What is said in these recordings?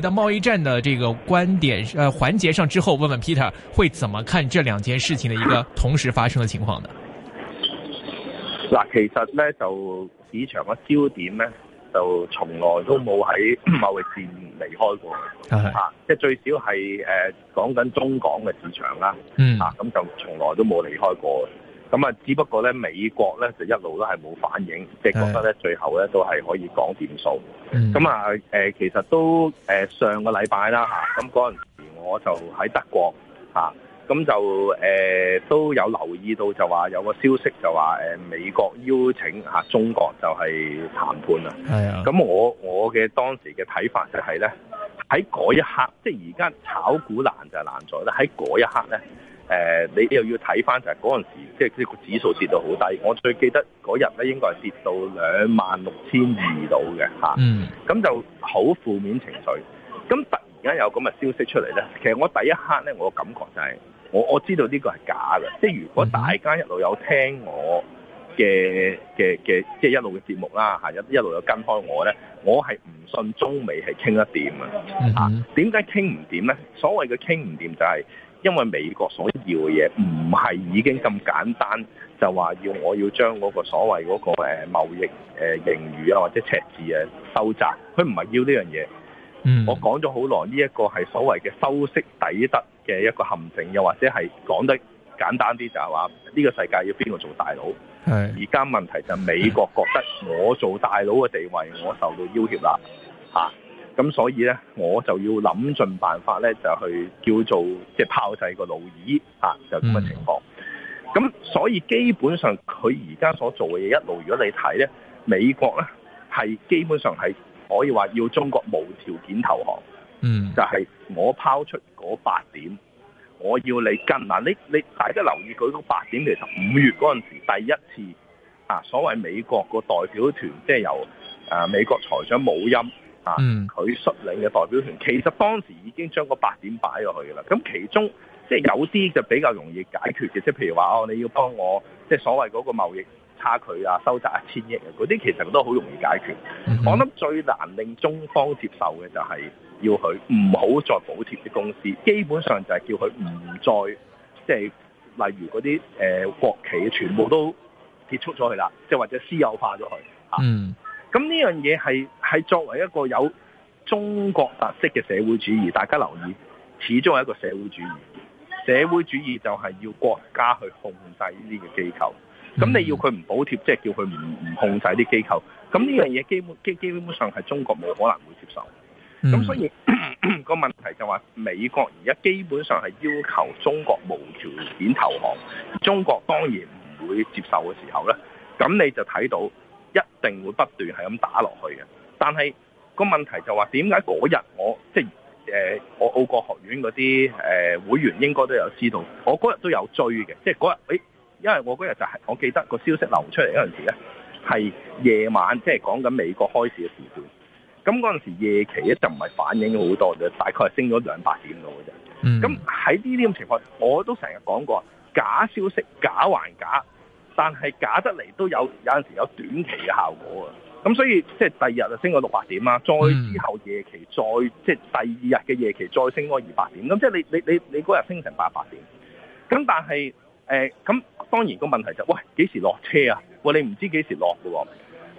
到貿易戰的這個觀點，呃環節上之後，問問 Peter 會怎麼看這兩件事情的一個同時發生的情況呢？嗱，其實呢就市場嘅焦點呢就從來都冇喺貿易戰離開過，係、啊是，即係、啊、最少係誒講緊中港嘅市場啦，啊、嗯，啊咁就從來都冇離開過。咁啊，只不過咧，美國咧就一路都係冇反應，即係的覺得咧最後咧都係可以講掂數。咁啊、嗯，誒其實都誒上個禮拜啦吓，咁嗰陣時我就喺德國吓，咁就誒、呃、都有留意到就話有個消息就話誒美國邀請嚇中國就係談判啦。係啊的，咁我我嘅當時嘅睇法就係、是、咧，喺嗰一刻，即係而家炒股難就難在咧喺嗰一刻咧。誒、呃，你又要睇翻就係嗰陣時，即係即個指數跌到好低。我最記得嗰日咧，應該係跌到兩萬六千二度嘅嚇，咁就好負面情緒。咁突然間有咁嘅消息出嚟咧，其實我第一刻咧，我感覺就係、是、我我知道呢個係假嘅。即係如果大家一路有聽我嘅嘅嘅，即係、就是、一路嘅節目啦、啊、一一路有跟開我咧，我係唔信中美係傾得掂啊！嚇，點解傾唔掂咧？所謂嘅傾唔掂就係、是。因為美國所要嘅嘢唔係已經咁簡單，就話要我要將嗰個所謂嗰個誒貿易誒盈餘啊或者赤字啊收窄，佢唔係要呢樣嘢。嗯、我講咗好耐，呢、這、一個係所謂嘅修昔底德嘅一個陷阱，又或者係講得簡單啲就係話，呢、這個世界要邊個做大佬？是而家問題就係美國覺得我做大佬嘅地位，我受到要挾啦啊！咁所以呢，我就要諗盡辦法呢，就去叫做即係拋制個路爾，吓、mm. 啊、就咁嘅情況。咁所以基本上佢而家所做嘅嘢一路，如果你睇呢，美國呢，係基本上係可以話要中國無條件投降。嗯，mm. 就係我拋出嗰八點，我要你跟。嗱、啊，你你大家留意佢嗰八點，其實五月嗰陣時第一次啊，所謂美國個代表團即係由誒、啊、美國財長姆欽。啊，嗯，佢率領嘅代表團，其實當時已經將個八點擺落去噶啦。咁其中即係有啲就比較容易解決嘅，即係譬如話，我你要幫我即係所謂嗰個貿易差距啊、收窄一千億啊，嗰啲其實都好容易解決。嗯、哼我諗最難令中方接受嘅就係要佢唔好再補貼啲公司，基本上就係叫佢唔再即係例如嗰啲誒國企全部都結束咗佢啦，即係或者私有化咗佢。啊、嗯。咁呢樣嘢係係作為一個有中國特色嘅社會主義，大家留意，始終係一個社會主義。社會主義就係要國家去控制呢啲嘅機構。咁你要佢唔補貼，即係叫佢唔唔控制啲機構。咁呢樣嘢基本基基本上係中國冇可能會接受。咁所以個 問題就話美國而家基本上係要求中國無條件投降，中國當然唔會接受嘅時候呢，咁你就睇到，定會不斷係咁打落去嘅，但係個問題就話點解嗰日我即係誒、呃、我澳國學院嗰啲誒會員應該都有知道，我嗰日都有追嘅，即係嗰日誒，因為我嗰日就係、是、我記得個消息流出嚟嗰陣時咧，係夜晚即係講緊美國開市嘅時段，咁嗰陣時夜期咧就唔係反映咗好多嘅，大概係升咗兩百點嘅啫。咁喺呢啲咁情況，我都成日講過，假消息假還假。但係假得嚟都有有有陣時有短期嘅效果啊！咁所以即係第二日就升咗六百點啊，再之後夜期再即係第二日嘅夜期再升多二百點，咁即係你你你你嗰日升成八百點，咁但係誒咁當然個問題就係、喂幾時落車啊？喂你唔知幾時落嘅喎。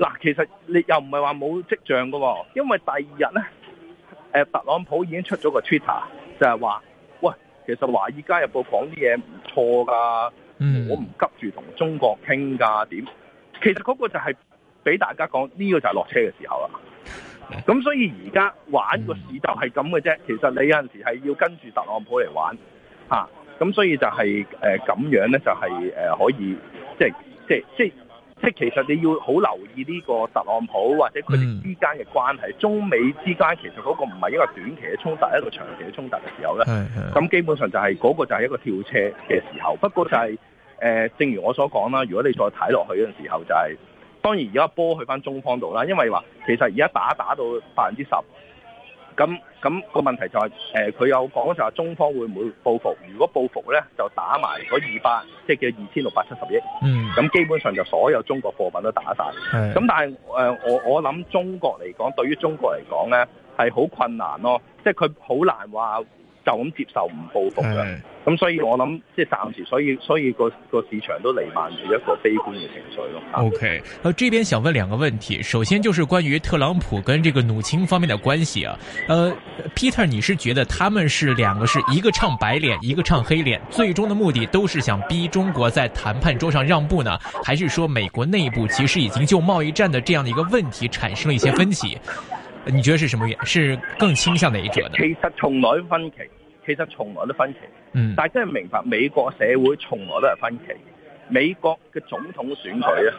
嗱，其實你又唔係話冇跡象嘅喎、啊，因為第二日咧誒特朗普已經出咗個 Twitter 就係話，喂，其實華爾街日報講啲嘢唔錯㗎。嗯、我唔急住同中國傾㗎，點，其實嗰個就係俾大家講呢、呢個就係落車嘅時候啦。咁所以而家玩個市就係咁嘅啫。嗯、其實你有陣時係要跟住特朗普嚟玩吓咁、啊、所以就係誒咁樣咧、就係，就、呃、係可以即係即係即即其實你要好留意呢個特朗普或者佢哋之間嘅關係，嗯、中美之間其實嗰個唔係一個短期嘅衝突，一個長期嘅衝突嘅時候咧。咁基本上就係、是、嗰、嗰個就係一個跳車嘅時候，不過就係、是。嗯誒、呃，正如我所講啦，如果你再睇落去嘅時候、就是，就係當然而家波去返中方度啦，因為話其實而家打打到百分之十，咁咁、那個問題就係、是、誒，佢、呃、有講就係中方會唔會報復？如果報復咧，就打埋嗰二百，即係叫二千六百七十億，咁基本上就所有中國貨品都打晒。咁是的 但係誒、呃，我我諗中國嚟講，對於中國嚟講咧，係好困難咯，即係佢好難話。就咁接受唔報復嘅，咁、uh, 所以我諗即係暫時所，所以所以個個市場都彌漫住一個悲觀嘅情緒咯。O、okay, K，呃，這邊想問兩個問題，首先就是關於特朗普跟這個努欽方面的關係啊。呃，Peter，你是覺得他們是兩個是一個唱白臉，一個唱黑臉，最終的目的都是想逼中國在談判桌上讓步呢？還是說美國內部其實已經就貿易戰的這樣的一個問題產生了一些分歧？ 你覺得是什麼原因？是更傾向哪一點呢？其實從來都分歧，其實從來都分歧。嗯。但係真係明白，美國社會從來都係分歧。美國嘅總統選舉咧，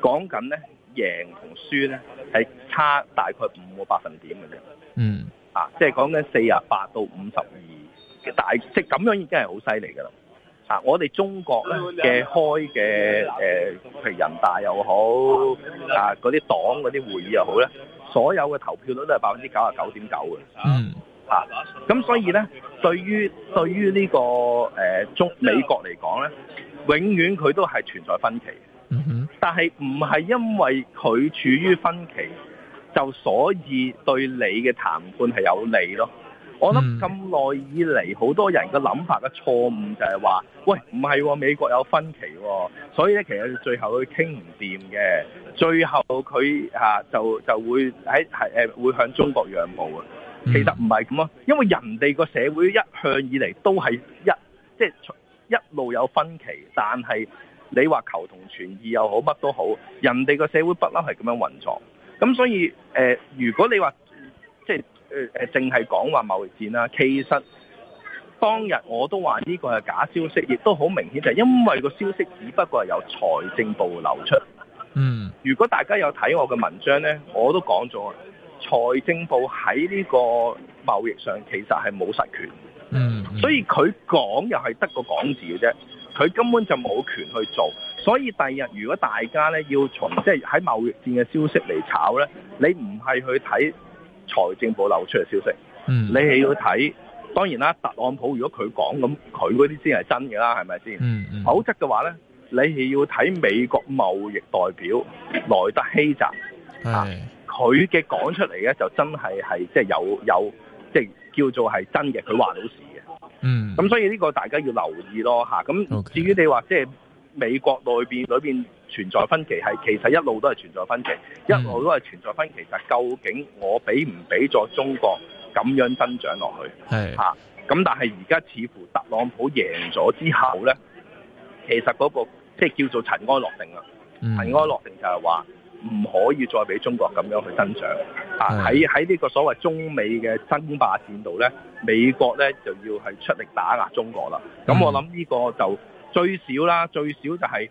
講緊咧贏同輸咧係差大概五個百分點嘅啫。嗯。啊，即係講緊四十八到五十二，大即咁樣已經係好犀利噶啦。啊，我哋中國咧嘅開嘅誒，譬、呃、如人大又好，啊嗰啲黨嗰啲會議又好咧。所有嘅投票率都係百分之九十九點九嘅，嗯，嚇、啊，咁所以呢，對於對於呢、這個誒、呃、中美國嚟講咧，永遠佢都係存在分歧，嗯、哼，但係唔係因為佢處於分歧，就所以對你嘅談判係有利咯。我諗咁耐以嚟，好多人嘅諗法嘅錯誤就係話：喂，唔係喎，美國有分歧喎、哦，所以咧，其實最後佢傾唔掂嘅，最後佢、啊、就就會喺向中國讓步啊。其實唔係咁咯，因為人哋個社會一向以嚟都係一即係、就是、一路有分歧，但係你話求同存異又好，乜都好，人哋個社會不嬲係咁樣運作。咁所以誒、呃，如果你話即係。就是誒誒，淨係講話貿易戰啦，其實當日我都話呢個係假消息，亦都好明顯就係因為個消息只不過係由財政部流出。嗯，如果大家有睇我嘅文章呢，我都講咗，財政部喺呢個貿易上其實係冇實權，嗯，嗯，所以佢講又係得個講字嘅啫，佢根本就冇權去做。所以第二日如果大家呢要從即係喺貿易戰嘅消息嚟炒呢，你唔係去睇。財政部流出嘅消息，嗯、你係要睇。當然啦，特朗普如果佢講，咁佢嗰啲先係真嘅啦，係咪先？嗯嗯、否則嘅話呢，你係要睇美國貿易代表萊德希澤，是啊，佢嘅講出嚟呢，就真係係即係有有即係、即係、叫做係真嘅，佢話到事嘅。嗯。咁所以呢個大家要留意咯吓，咁、啊、至於你話 Okay. 即係美國內邊裏邊。存在分歧係，其實一路都係存在分歧，嗯、一路都係存在分歧。就係究竟我俾唔俾咗中國咁樣增長落去？係吓是、啊、但係而家似乎特朗普贏咗之後咧，其實嗰、嗰個即係叫做塵埃落定啦。塵埃落定就係話唔可以再俾中國咁樣去增長。是啊，喺喺呢個所謂中美嘅爭霸戰度咧，美國咧就要係出力打壓中國啦。咁是我諗呢個就最少啦，最少就係、是。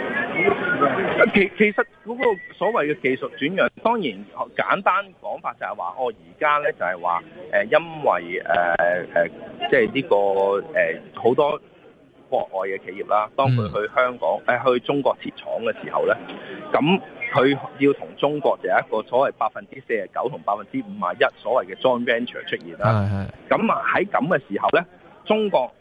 其其實嗰個所謂嘅技術轉讓，當然簡單講法就係話，哦，而家咧就係話，誒、呃、因為誒誒、呃呃，即係、這、呢個誒好、呃、多國外嘅企業啦，當佢去香港誒、呃、去中國設廠嘅時候咧，咁佢要同中國就係一個所謂百分之四十九同百分之五十一所謂嘅 joint venture 出現啦。係係是。咁啊喺咁嘅時候咧，中國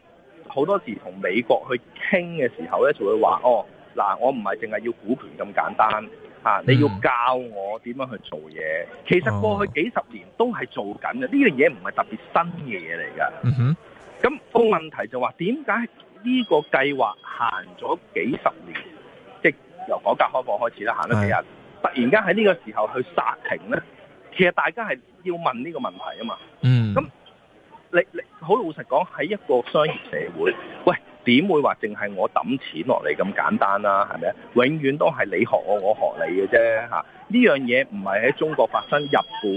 好多時同美國去傾嘅時候咧，就會話哦。嗱，我唔係淨係要股權咁簡單嚇、嗯啊，你要教我點樣去做嘢。其實過去幾十年都係做緊嘅，呢樣嘢唔係特別新嘅嘢嚟噶。嗯、哼，咁個問題就話點解呢個計劃行咗幾十年，即由改革開放開始啦，行咗幾日，嗯、突然間喺呢個時候去殺停咧？其實大家係要問呢個問題啊嘛。嗯，咁你你好老實講喺一個商業社會，喂。點會話淨係我揼錢落嚟咁簡單啦？係咪啊？永遠都係你學我，我學你嘅啫嚇。呢樣嘢唔係喺中國發生，日本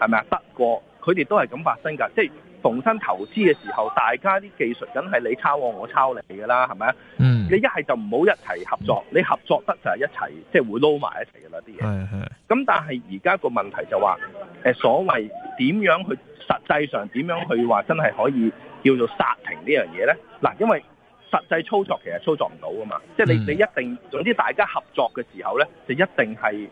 係咪啊？德國佢哋都係咁發生㗎，即係重新投資嘅時候，大家啲技術梗係你抄我，我抄你㗎啦，係咪啊？嗯。你一係就唔好一齊合作，嗯、你合作得就係一齊，即、就、係、是、會撈埋一齊㗎啦啲嘢。係咁是但係而家個問題就話誒，所謂點樣去實際上點樣去話真係可以叫做殺停呢樣嘢咧？嗱，因為實際操作，其實操作唔到噶嘛，即係你你一定，總之大家合作嘅時候咧，就一定係誒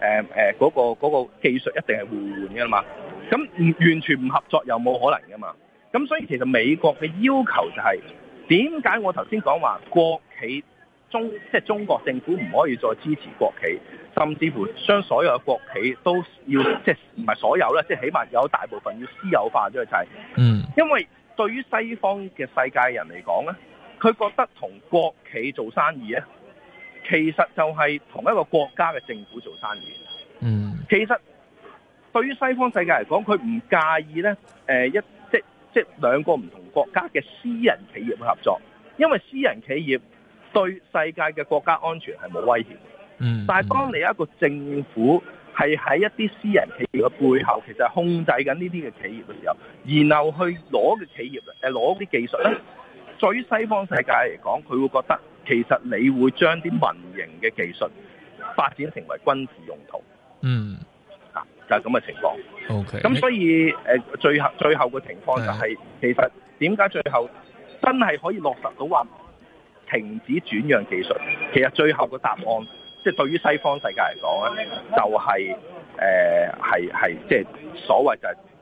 誒嗰個嗰個技術一定係互換嘅嘛。咁完全唔合作又冇可能噶嘛。咁所以其實美國嘅要求就係點解我頭先講話國企中即係、就是、中國政府唔可以再支持國企，甚至乎將所有嘅國企都要即係唔係所有咧，即係起碼有大部分要私有化咗一齊。就是、嗯，因為對於西方嘅世界人嚟講咧。佢覺得同國企做生意呢，其實就係同一個國家嘅政府做生意。嗯，其實對於西方世界嚟講，佢唔介意呢、呃、一即即兩個唔同國家嘅私人企業合作，因為私人企業對世界嘅國家安全係冇威脅。嗯，但係當你一個政府係喺一啲私人企業嘅背後，其實控制緊呢啲嘅企業嘅時候，然後去攞嘅企業、呃、攞啲技術呢對於西方世界嚟講，佢會覺得其實你會將啲民營嘅技術發展成為軍事用途。嗯，啊就係咁嘅情況。OK. 咁所以誒、呃、最後最後嘅情況就係、是嗯、其實點解最後真係可以落實到話停止轉讓技術？其實最後嘅答案，即、就、係、是、對於西方世界嚟講咧，就係誒係係即係所謂就係、是。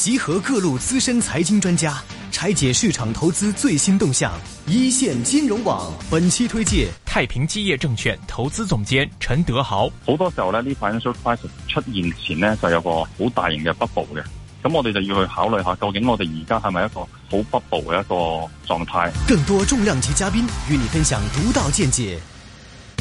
集合各路資深財經專家，拆解市場投資最新動向。一線金融網本期推介太平基業證券投資總監陳德豪。好多時候呢，呢款 asset crisis 出現前呢就有個好大型嘅 bubble 嘅。咁我哋就要去考慮下，究竟我哋而家係咪一個好 bubble 嘅一個狀態？更多重量級嘉賓與你分享獨到見解。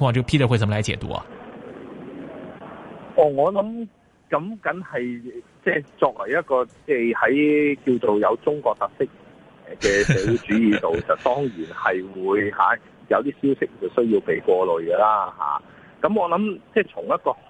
話這個 Peter 會怎麼來解讀啊？哦，我諗咁梗係即係作為一個，即係喺叫做有中國特色嘅社會主義度， 就當然係會吓、啊、有啲消息就需要被過濾噶啦吓。咁、啊嗯、我諗即係從一個好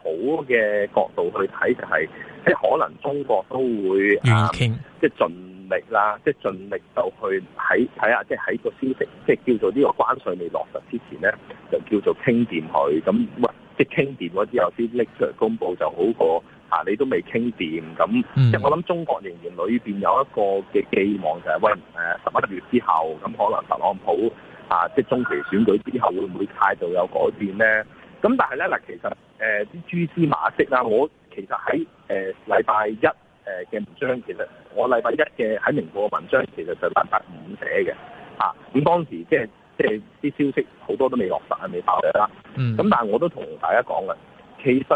嘅角度去睇、就是，就係即係可能中國都會願意傾，即係盡。 力啦，即係盡力就去喺睇下，即係喺個消息，即係叫做呢個關稅未落實之前咧，就叫做傾掂佢。咁，喂，即係傾掂咗之後先拎出嚟公佈，就好過啊！你都未傾掂咁。即、嗯、我諗中國仍然裏邊有一個嘅寄望就係、是，喂誒十一月之後，咁可能特朗普啊、呃，即係中期選舉之後會唔會態度有改變咧？咁但係咧嗱，其實啲蛛子馬色蛛絲馬跡啦，我其實喺誒禮拜一。誒嘅文章，其實我禮拜一嘅喺明報嘅文章其實就八八五寫嘅嚇，咁、啊、當時即係即係啲消息好多都未落實，係未爆出啦。咁、嗯、但係我都同大家講嘅，其實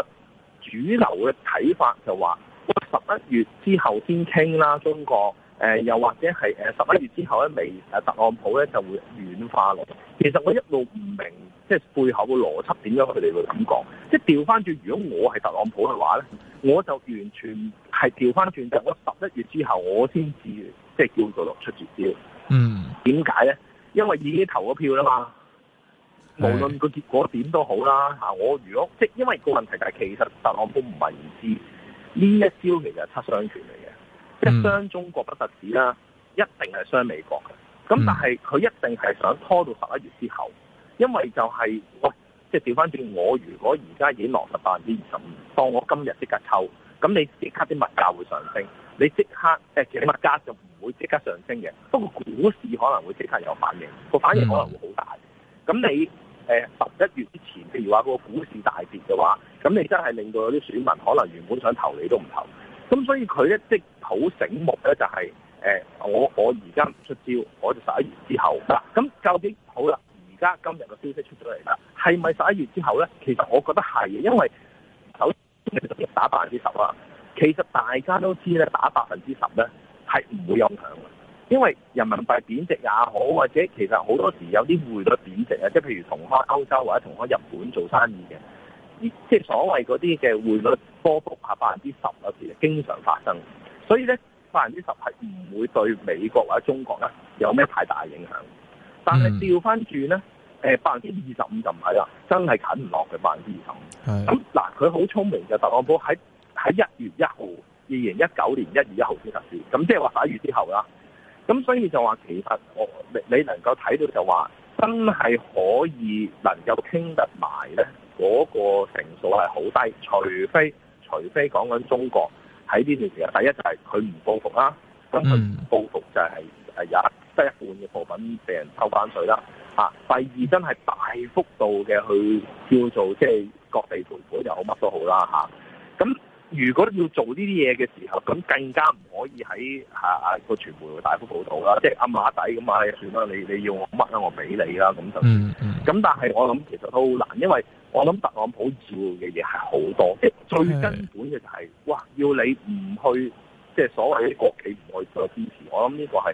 主流嘅睇法就話我十一月之後先傾啦，中國誒、呃、又或者係誒十一月之後咧未誒特朗普咧就會軟化落。其實我一路唔明。即係背後嘅邏輯點樣？佢哋會咁講。即係調翻轉，如果我係特朗普嘅話咧，我就完全係調翻轉，就我十一月之後我先至即係叫做出絕招。嗯，點解咧？因為已經投咗票啦嘛。無論個結果點都好啦嚇，是的 我如果即係因為個問題、就係，但係其實特朗普唔係唔知呢一招其實係雙傷嚟嘅，嗯、即係傷中國不特止啦，一定係傷美國嘅。咁但係佢一定係想拖到十一月之後。因為就係我即係調翻轉，我如果而家已經落實百分之二十五，當我今日即刻抽，咁你即刻啲物價會上升，你即刻誒其實物價就唔會即刻上升嘅。不過股市可能會即刻有反應，個反應可能會好大。咁、嗯、你誒十一月之前，譬如話個股市大跌嘅話，咁你真係令到有啲選民可能原本想投你都唔投。咁所以佢一即好醒目咧、就係，就、呃、係我我而家唔出招，我十一月之後嗱，咁究竟好啦。今日嘅消息出咗嚟啦，係咪十一月之後咧？其實我覺得係，因為首先打百分之十啊，其實大家都知咧，打百分之十咧係唔會有影響嘅，因為人民幣貶值也好，或者其實好多時有啲匯率貶值啊，即係譬如同開歐，歐洲或者同開日本做生意嘅，即係所謂嗰啲嘅匯率波幅啊百分之十啊，嗰時經常發生，所以咧百分之十係唔會對美國或者中國咧有咩太大嘅影響。但係調翻轉咧。嗯誒百分之二十五就唔係啦，真係啃唔落佢百分之二十五。咁嗱，佢好聰明嘅特朗普喺喺一月一號二零一九年一月一號先實施，咁即係話十一月之後啦。咁所以就話其實我你能夠睇到就話真係可以能夠傾得埋咧，嗰、那個成數係好低，除非除非講緊中國喺呢段時間，第一就係佢唔報復啦，咁佢唔報復就係係有。Mm. 得一半嘅部分俾人抽翻稅啦，嚇！第二真係大幅度嘅去叫做即係各地政府又好乜都好啦，嚇！咁如果要做呢啲嘢嘅時候，咁更加唔可以喺嚇個傳媒大幅報導啦，即係阿馬底咁啊，算啦，你你要我乜啦，我俾你啦，咁就咁。但係我諗其實都好難，因為我諗特朗普要嘅嘢係好多，即係最根本嘅就係、是、哇，要你唔去即係所謂的國企唔可以再支持，我諗呢個係。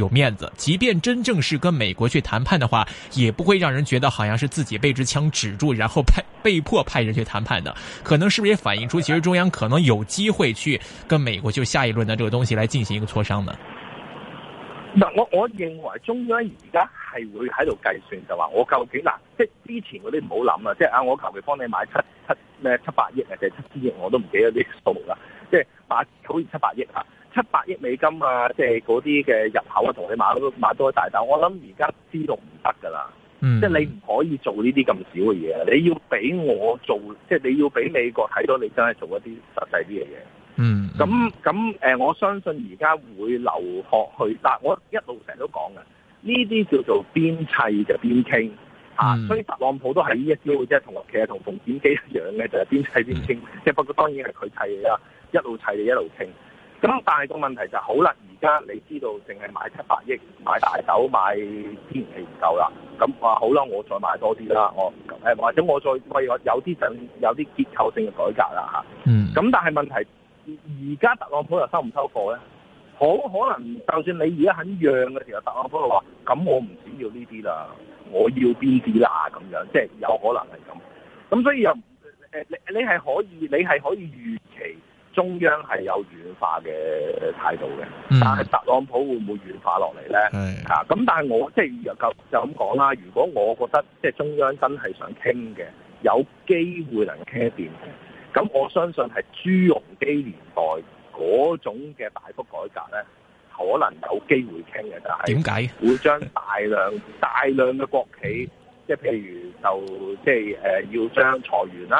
有面子，即便真正是跟美國去談判的話，也不會讓人覺得好像是自己被支槍指住，然後派被迫派人去談判的。可能是不是也反映出，其實中央可能有機會去跟美國就下一輪的這個東西來進行一個磋商呢？嗱，我我認為中央而家係會喺度計算，就話我究竟嗱，即係之前嗰啲唔好諗啊，即係啊，我求其幫你買七七咩七八億啊，定係七千億，我都唔記得啲數啦，即係八好似七八億啊。七百億美金啊，即係嗰啲嘅入口啊，同你買都買多一大竇。我諗而家知道唔得㗎啦，即係、嗯、你唔可以做呢啲咁少嘅嘢。你要俾我做，即、就、係、是、你要俾美國睇到你真係做一啲實際啲嘅嘢。嗯，咁咁誒，我相信而家會留學去。但我一路成日都講嘅，呢啲叫做邊砌就邊傾、嗯、啊。所以特朗普都係呢一招即啫。同其實同馮展基一樣嘅，就係、是、邊砌邊傾。即係不過當然係佢砌你啊，一路砌你一路傾。咁但係個問題就好啦，而家你知道，淨係買七百億買大豆買天然氣唔夠啦。咁話好啦，我再買多啲啦。我誒或者我再為有啲想有啲結構性嘅改革啦吓，嗯。咁但係問題，而家特朗普又收唔收貨咧？好可能就算你而家肯讓嘅時候，特朗普話：咁我唔想要呢啲啦，我要邊啲啦？咁樣即係有可能係咁。咁所以又誒，你你係可以，你係可以預。中央係有軟化嘅態度嘅，嗯、但係特朗普會唔會軟化落嚟咧？啊是的，咁但係我即係就咁講啦。如果我覺得即係中央真係想傾嘅，有機會能傾得掂嘅，咁我相信係朱鎔基年代嗰種嘅大幅改革咧，可能有機會傾嘅，但係點解會將大量大量嘅國企，即係、嗯、譬如就即係誒要將裁員啦，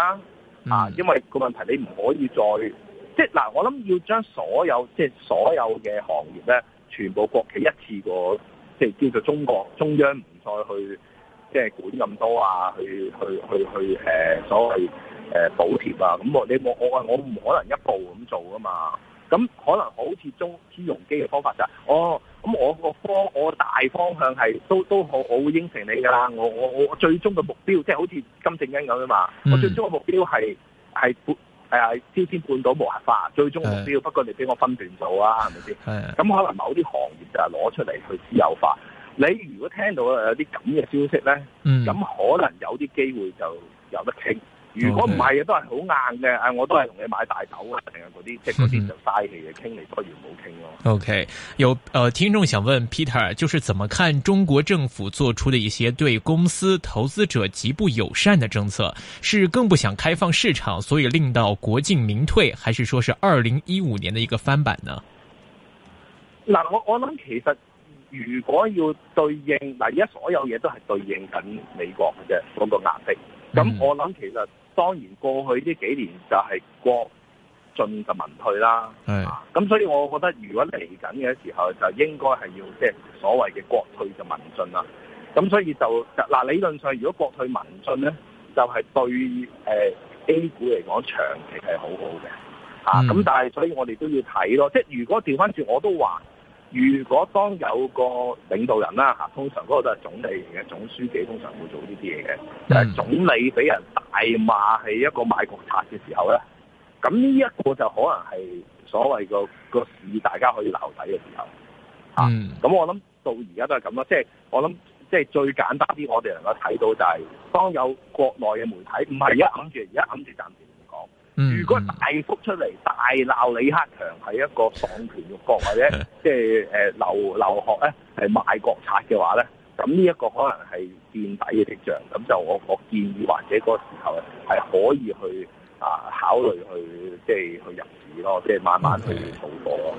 啊、嗯，因為個問題你唔可以再。即係嗱、啊，我諗要將所有即係所有嘅行業咧，全部國企一次過，即係叫做中國中央唔再去即係管咁多啊，去去去去誒、呃、所謂誒、呃、補貼啊，咁我你冇我我唔可能一步咁做噶嘛，咁可能好似中、朱鎔基嘅方法就係、是，哦咁我個方我大方向係都都好，我會應承你㗎啦，我我我最終嘅目標即係好似金正恩咁啊嘛，我最終嘅目標係係。係啊，朝鮮半島無核化，最終目標的，不過你俾我分段做啊，係咪先？係咁的可能某啲行業就係攞出嚟去私有化。你如果聽到有啲咁嘅消息咧，咁、嗯、可能有啲機會就有得傾。如果唔係嘅都係好硬嘅，我都係同你買大豆啊，定係嗰啲，即係嗰啲就嘥氣嘅，傾、嗯、嚟多餘，唔好傾咯。哦、o、okay. K，有誒、呃、聽眾想問 Peter，就是怎麼看中國政府做出的一些對公司投資者極不友善的政策？是更不想開放市場，所以令到國進民退，還是說是二零一五年的一個翻版呢？嗱、呃，我我諗其實如果要對應嗱，而、呃、家所有嘢都係對應緊美國嘅嗰個壓力，咁、呃、我諗其實。當然過去呢幾年就係國進就民退啦，咁是所以我覺得如果嚟緊嘅時候就應該係要即係所謂嘅國退就民進啦，咁所以就嗱理論上如果國退民進咧，就係、是、對誒 A 股嚟講長期係好好嘅，咁、嗯啊、但係所以我哋都要睇咯，即係如果調翻轉我都話。如果當有個領導人啦嚇、啊，通常嗰個都係總理嘅總書記，通常會做呢啲嘢嘅。但係、嗯、總理俾人大罵係一個賣國賊嘅時候咧，咁呢一個就可能係所謂個個市大家可以鬧底嘅時候嚇。咁、啊嗯嗯、我諗到而家都係咁咯，即、就、係、是、我諗即係最簡單啲，我哋能夠睇到就係、是、當有國內嘅媒體唔係一揞住，而家揞住暫時。如果大幅出嚟、大鬧李克強係一個喪權辱國，或者即係誒劉劉鶴咧係賣國賊嘅話咧，咁呢一個可能係見底嘅迹象。咁就我我建議，或者嗰個時候係可以去啊考慮去即係、就是、去入市咯，即、就、係、是、慢慢去做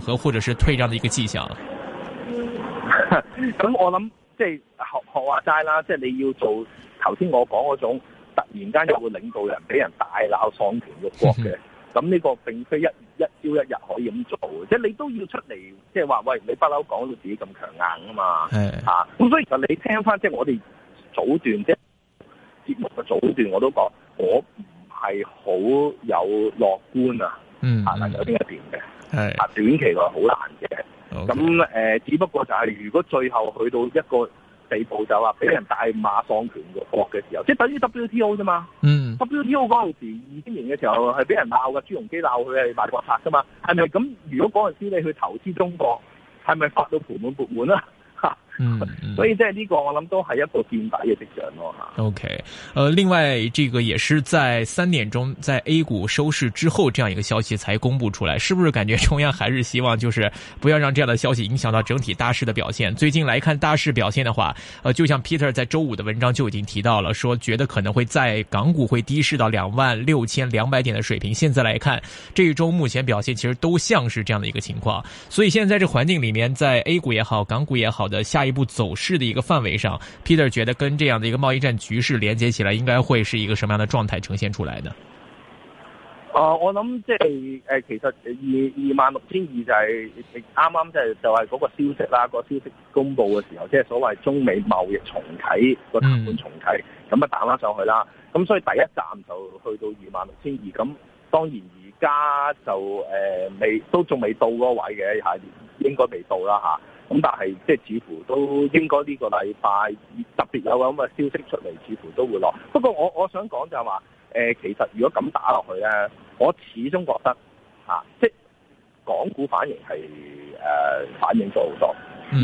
和或者是退讓的一個跡象。咁 我諗即係學學話齋啦，即係你要做頭先我講嗰種，突然間有個領導人俾人大鬧喪權辱國嘅，咁呢 個並非一一朝一日可以咁做，即係你都要出嚟，即係話喂，你不嬲講到自己咁強硬啊嘛，吓咁 所以其實你聽翻即係我哋早段即係節目嘅早段，我都講我唔係好有樂觀啊，吓、 嗯嗯，有邊一邊嘅。係啊，是短期內好難嘅。咁 Okay.、呃、只不過就係、是、如果最後去到一個地步，就話俾人大馬放權國嘅時候，即、就、係、是、等於 WTO 啫嘛。嗯。WTO 嗰陣時，二千年嘅時候係俾人鬧嘅，朱鎔基鬧佢係賣國賊噶嘛。係咪？咁如果嗰陣時你去投資中國，係咪發到盤滿缽滿啊？嗯，嗯，所以即係呢個我諗都係一個見底嘅跡象咯吓。OK，呃，另外，這個也是在三點鐘，在 A 股收市之後，這樣一個消息才公布出來，是不是感覺中央還是希望，就是不要讓這樣的消息影響到整體大市的表現？最近來看大市表現的話，呃，就像 Peter 在周五的文章就已經提到了，說覺得可能會在港股會低市到兩萬六千兩百點的水平。現在來看，這一周目前表現其實都像是這樣的一個情況，所以現在，在這環境裏面，在 A 股也好，港股也好的下。一步走勢的一個範圍上，Peter 覺得跟這樣的一個貿易戰局勢連接起來，應該會是一個什麼樣的狀態呈現出來的？啊、呃，我諗即係誒，其實二二萬六千二就係啱啱即係就係嗰個消息啦，個消息公布嘅時候，即係所謂中美貿易重啟個談判重啟，咁啊彈翻上去啦。咁所以第一站就去到二萬六千二，咁當然而家就誒未、呃、都仲未到嗰位嘅吓，應該未到啦吓。咁但係即係似乎都應該呢個禮拜特別有咁嘅消息出嚟，似乎都會落。不過我我想講就係話，呃，其實如果咁打落去咧，我始終覺得，啊，即係港股反應係，呃，反應咗好多，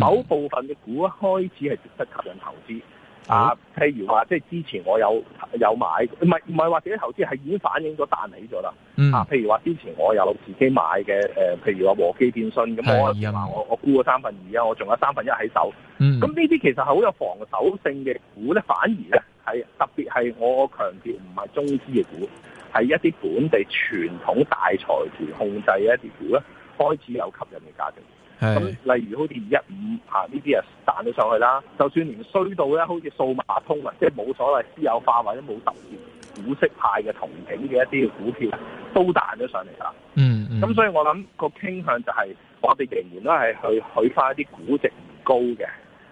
某部分嘅股開始係值得吸引投資。啊，譬如話，即係之前我有有買，唔係唔係話自己投資，係已經反映咗彈起咗啦。啊、嗯，譬如話之前我有自己買嘅，誒、呃，譬如話和記電訊，咁我話我沽咗三分二啊，我仲有三分一喺手。嗯。咁呢啲其實係好有防守性嘅股咧，反而咧係特別係我強調唔係中資嘅股，係一啲本地傳統大財團控制嘅一啲股咧，開始有吸引嘅價值。咁例如好似二一五嚇呢啲啊，彈咗上去啦，就算連衰到咧，好似數碼通啊，即係冇所謂私有化或者冇特別股息派嘅同型嘅一啲股票都彈咗上嚟啦。嗯，咁所以我諗個傾向就係我哋仍然都係去取翻一啲估值高嘅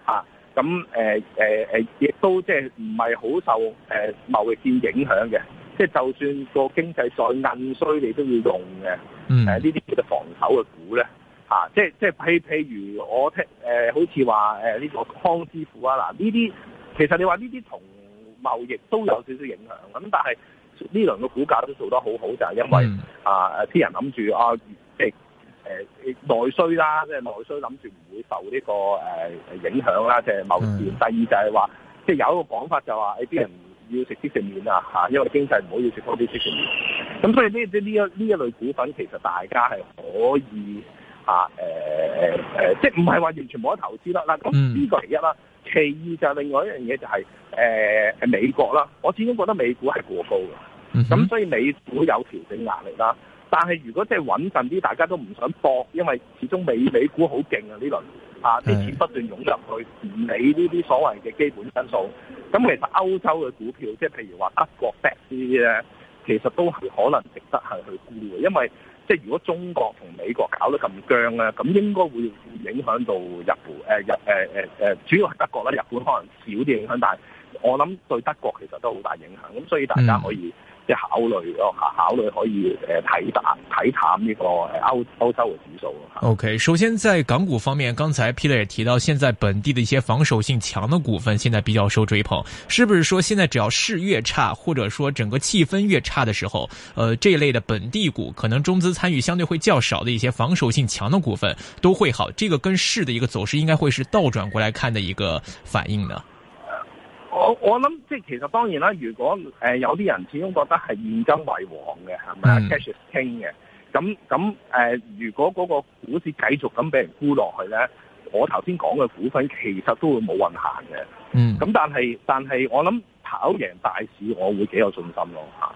嚇，咁誒誒誒，亦都即係唔係好受誒貿易戰影響嘅，即係就算個經濟再暗衰你都要用嘅。嗯，誒呢啲叫做防守嘅股咧。啊，即係即係譬譬如我聽誒、呃，好似話誒呢個康師傅啊，嗱呢啲其實你話呢啲同貿易都有少少影響，咁但係呢輪嘅股價都做得好好，就係、是、因為啊誒啲人諗住啊，即係誒內需啦，即係內需諗住唔會受呢、這個誒、呃、影響啦，即、就、係、是、貿易。嗯、第二就係話、就是，即係有一個講法就係話，誒、哎、啲人要食啲食麪啊嚇、啊，因為經濟唔好、啊，要、啊、食多啲食麪。咁所以呢啲呢一呢一類股份，其實大家係可以。嚇誒誒誒，即係唔係話完全冇得投資啦？嗱，咁呢個其一啦，其二就係另外一樣嘢就係、是、誒、呃、美國啦。我始終覺得美股係過高嘅，咁所以美股有調整壓力啦。但係如果即係穩陣啲，大家都唔想搏，因為始終美美股好勁啊！呢輪嚇啲、啊、錢不斷湧入去，唔理呢啲所謂嘅基本因素。咁其實歐洲嘅股票，即係譬如話德國、德啲咧，其實都係可能值得係去沽嘅，因為。即係如果中國同美國搞得咁僵咧，咁應該會影響到日本日、呃呃呃呃、主要係德國啦，日本可能少啲影響，但係我諗對德國其實都好大影響，咁所以大家可以。即考慮，考慮可以誒睇、呃、淡睇淡呢個歐歐洲嘅指數。O、okay, K，首先在港股方面，剛才 Peter 也提到，現在本地的一些防守性強的股份，現在比較受追捧。是不是說，現在只要市越差，或者說整個氣氛越差的時候，呃，這一類的本地股，可能中資參與相對會較少的一些防守性強的股份都會好。這個跟市的一個走勢，應該會是倒轉過來看的一個反應呢？我我諗即係其實當然啦，如果誒、呃、有啲人始終覺得係現金為王嘅，係咪、mm. cash is king 嘅，咁咁誒，如果嗰個股市繼續咁俾人沽落去咧，我頭先講嘅股份其實都會冇運行嘅，嗯、mm.，咁但係但係我諗跑贏大市我會幾有信心咯吓。行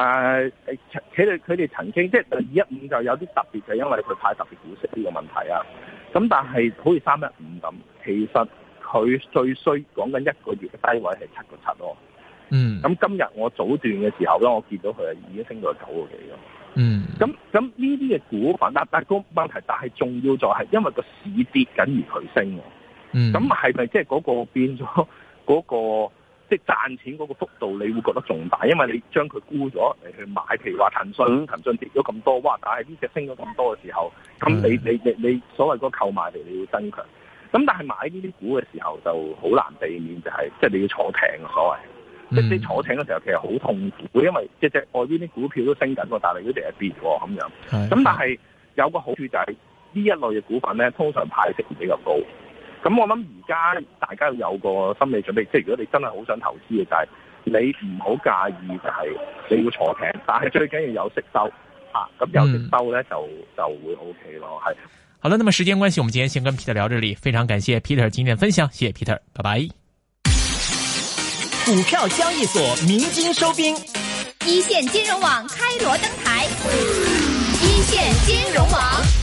誒，佢佢哋佢哋曾經即係二一五就有啲特別，就係、因為佢太特別股息呢個問題啊。咁但係好似三一五咁，其實佢最衰講緊一個月嘅低位係七個七咯。嗯。咁今日我早段嘅時候咧，我見到佢已經升到九個幾咯。嗯。咁咁呢啲嘅股份，但但個問題，但係重要咗係因為個市跌緊而佢升。喎、嗯。咁係咪即係嗰個變咗嗰、嗰個？即係賺錢嗰個幅度，你會覺得仲大，因為你將佢沽咗你去買。譬如話騰訊，騰訊跌咗咁多，哇！但係呢隻升咗咁多嘅時候，咁你你你你所謂嗰個購買力你要增強。咁但係買呢啲股嘅時候就好難避免，就係即係你要坐艇，所謂即係你坐艇嘅時候其實好痛苦，因為隻隻外邊啲股票都升緊喎，但係佢哋係跌喎咁樣。咁但係有個好處就係呢一類嘅股份咧，通常派息比較高。咁我諗而家大家有個心理準備，即係如果你真係好想投資嘅，就係、是、你唔好介意就係、是、你要坐艇，但係最緊要有息收吓，咁、 啊、有息收咧就就會 O K 咯。係，好啦，那麼時間關係，我們今天先跟 Peter 聊這這裡，非常感謝 Peter 今天分享，謝謝 Peter，拜拜。股票交易所鳴金收兵，一線金融網開羅登台，一線金融網。